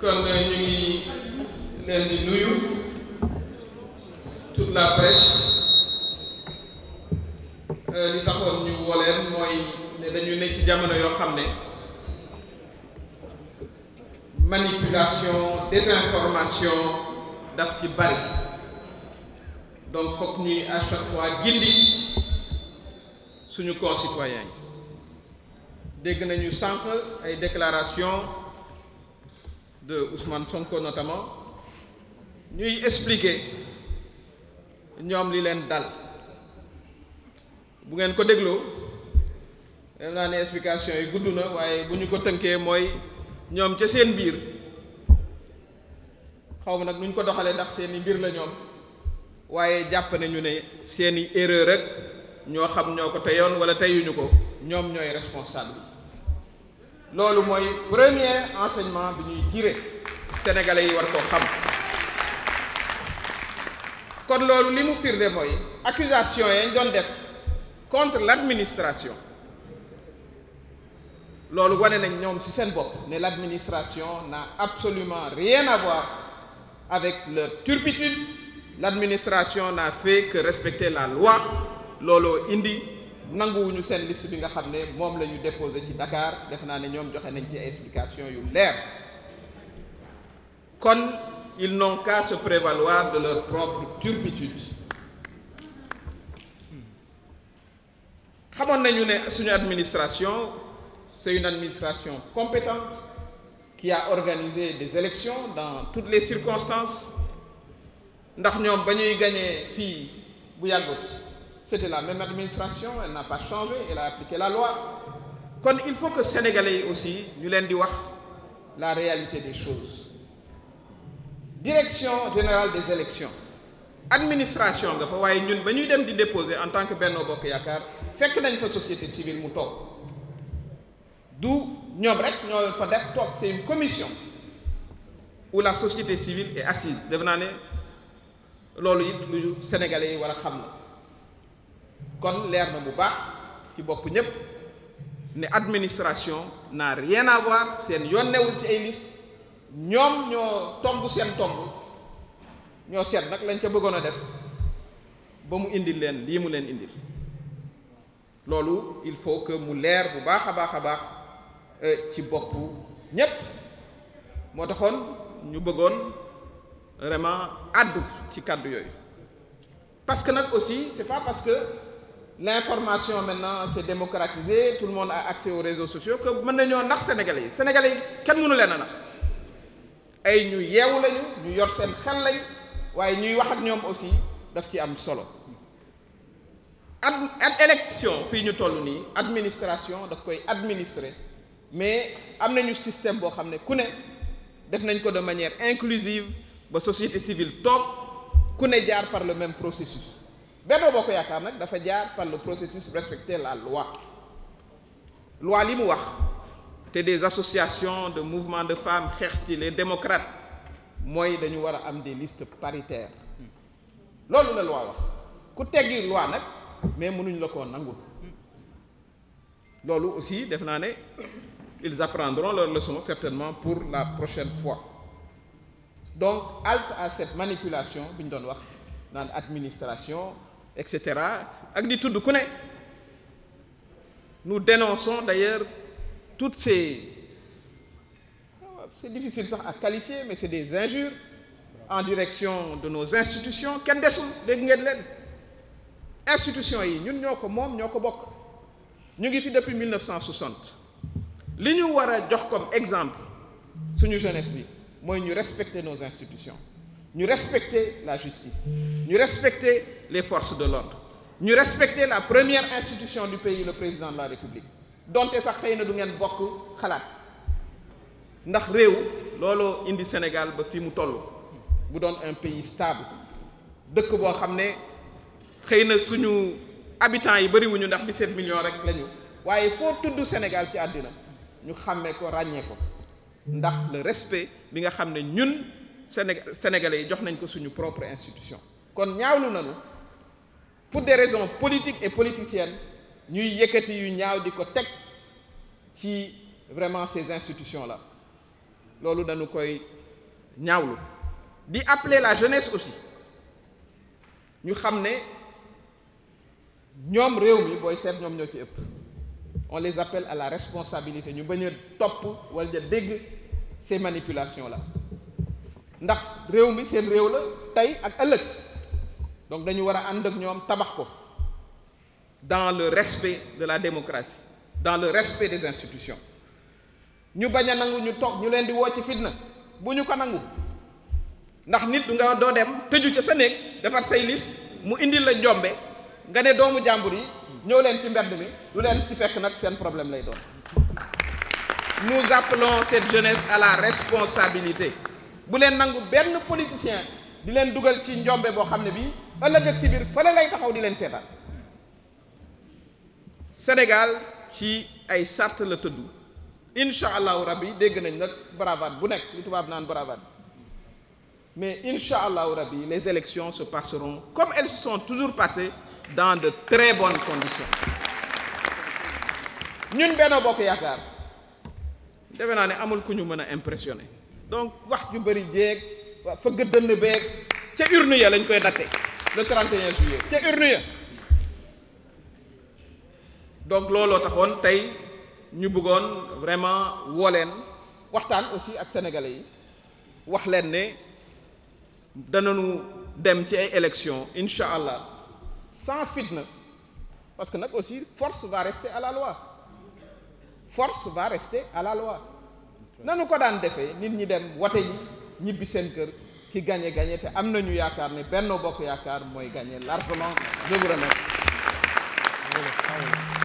kon euh, ñu ngi leen di nuyu toute la presse euh, li taxoon ñu woleen mooy ne dañu nekk ci jamono yoo xam ne manipulation désinformation daf ci bari donc foog ñuy à chaque fois gindi suñu concitoyens dégg nañu sànq ay déclaration de Ousmane Sonko notamment ñuy expliquer ñoom li leen dal bu ngeen ko dégloo dem naa ne explication yi gudd na waaye bu ñu ko tënkee mooy ñoom ca seen biir xaw ma nag luñ ko doxalee ndax seeni mbir la ñoom waaye jàpp nañu ne seeni erreur rek ñoo xam ñoo ko teyoon wala teyuñu ko ñoom ñooy responsable loolu mooy premier enseignement bi ñuy tiré sénégalais yi war koo xam kon loolu li mu firnde mooy accusation yañ doon def contre l'administration loolu wane nañ ñoom si seen bopp ne l'administration n'a absolument rien a voir avec leur turpitude l'administration n'a fait que respecter la loi looloo indi nanguwuñu seen liste bi nga xam ne moom la ñu déposé ci Dakar def naa ne ñoom joxe nañ ci explication yu leer kon ils n'ont qu'à se prévaloir de leur propre turpitude xamoon nañu ne suñu administration c'est une administration compétente ki a organisé des élections dans toutes les circonstances ndax ñoom ba ñuy gañee fii bu yàggut c'était la même administration elle n'a pas changé elle a appliqué la loi kon il faut que sénégalais yi aussi ñu leen di wax la réalité des choses direction générale des élections administration nga fa waaye ñun ba ñuy dem di déposer en tant que benn Bokk Yaakaar fekk nañ fa société civile mu toog du ñoom rek ñoo fa def toog c'est une commission où la société civile est assise def naa ne loolu it lu sénégalais yi wala xam la kon leer na bu baax ci bopp ñépp ne administration n'a rien à voir seen yoon newul ci ay liste ñoom ñoo tong seen tong ñoo seet nag lañ ca bëggoon a def ba mu indi leen lii mu leen indi loolu il faut que mu leer bu baax a baax a baax euh, ci bopp ñépp moo taxoon ñu bëggoon vraiment àddu ci kàddu yooyu parce nag aussi c'est pas parce l'information maintenant c'est démocratisé tout le monde a accès aux réseaux sociaux que mën nañoo nax sénégalais yi sénégalais yi kenn mënu leen a nax ay ñu yeewu lañu ñu yor seen xel lañ waaye ñuy wax ak ñoom aussi daf ci am solo ad ad élection fii ñu toll nii administration daf koy administrer mais am nañu système boo xam ne ku ne def nañ ko de manière inclusive ba société civile toog ku ne jaar par le même processus Benno Bokk Yaakaar nag dafa jaar par le processus respecter la loi loi li mu wax te des associations de mouvements de femmes xeex ci les démocrates mooy dañu war a am des listes paritaires loolu la loi wax ku teggi loi nag mais mënuñ la koo nangul loolu aussi def naa ne ils apprendront leur leçon certainement pour la prochaine fois donc halte à cette manipulation bi ñu doon wax naan administration et cetera ak di tudd ku ne nous dénonçons d'ailleurs toutes ces c'est difficile sax à qualifier mais c'est des injures en direction de nos institutions kenn desul dégg ngeen leen institutions yi ñun ñoo ko moom ñoo ko bokk ñu ngi fi depuis 1960 li ñu war a jox comme exemple suñu jeunesse bi mooy ñu respecter nos institutions ñu respecter la justice ñu respecter les forces de l'ordre ñu respecter la première institution du pays le président de la république donte sax xëy na du ngeen bokk xalaat ndax réew looloo indi Sénégal ba fi mu toll bu doon un pays stable dëkk boo xam ne xëy na suñu habitants yi bëriwuñu ndax set millions rek lañu waaye foo tudd Sénégal ci àddina ñu xàmmee ko ràññee ko ndax le respect bi nga xam ne ñun Sénégal sénégalais yi jox nañ ko suñu propre institution kon ñaawlu nañu pour des raisons politique et politiciennes ñuy yëkkati yu ñaaw di ko teg ci vraiment ces institutions la loolu dañu koy ñaawlu di appeler la jeunesse aussi ñu xam ne ñoom réew mi booy seet ñoom ñoo ci ëpp on les appelle à la responsabilité ñu bañ a topp wala ja dégg ces manipulations la ndax réew mi seen réew la tey ak ëllëg donc dañu war a ànd ak ñoom tabax ko dans le respect de la démocratie dans le respect des institutions ñu bañ a nangu ñu toog ñu leen di woo ci fitna bu ñu ko nangu ndax nit du nga doo dem tëju ca sa néeg defar say liste mu indil la njombe nga ne doomu jàmbur yi ñëw leen ci mbedd mi lu leen ci fekk nag seen problème lay doon nous appelons cette jeunesse à la responsabilité bu leen nangu benn politicien di leen dugal ci njombe boo xam ne bii ëllëg ak si biir fële lay taxaw di leen seetaan Sénégal ci ay sart la tëddu incha allahu rabbi dégg nañ nag bravade bu nekk li tubaab naan bravade mais incha allahu rabbi les élections se passeront comme elles se sont toujours passées dans de très bonnes conditions ñun Benno Bokk Yaakaar defe naa ne amul ku ñu mën a impressionné donc wax ju bëri jeeg waa fëgg dënn beeg ca urne ya lañ koy datte le 31 juillet ca urne ya donc looloo taxoon tey ñu bëggoon vraiment wooleen waxtaan aussi ak sénégalais yi wax leen ne dananu dem ci ay élections incha allah sans fitna parce que nag aussi force va rester à la loi force va rester à la loi nanu ko daan defee nit ñi dem wate yi ñibbi seen kër ci gagné gagné te am na ñu yaakaar ne Benno Bokk Yaakaar mooy gagné largement je vous remercie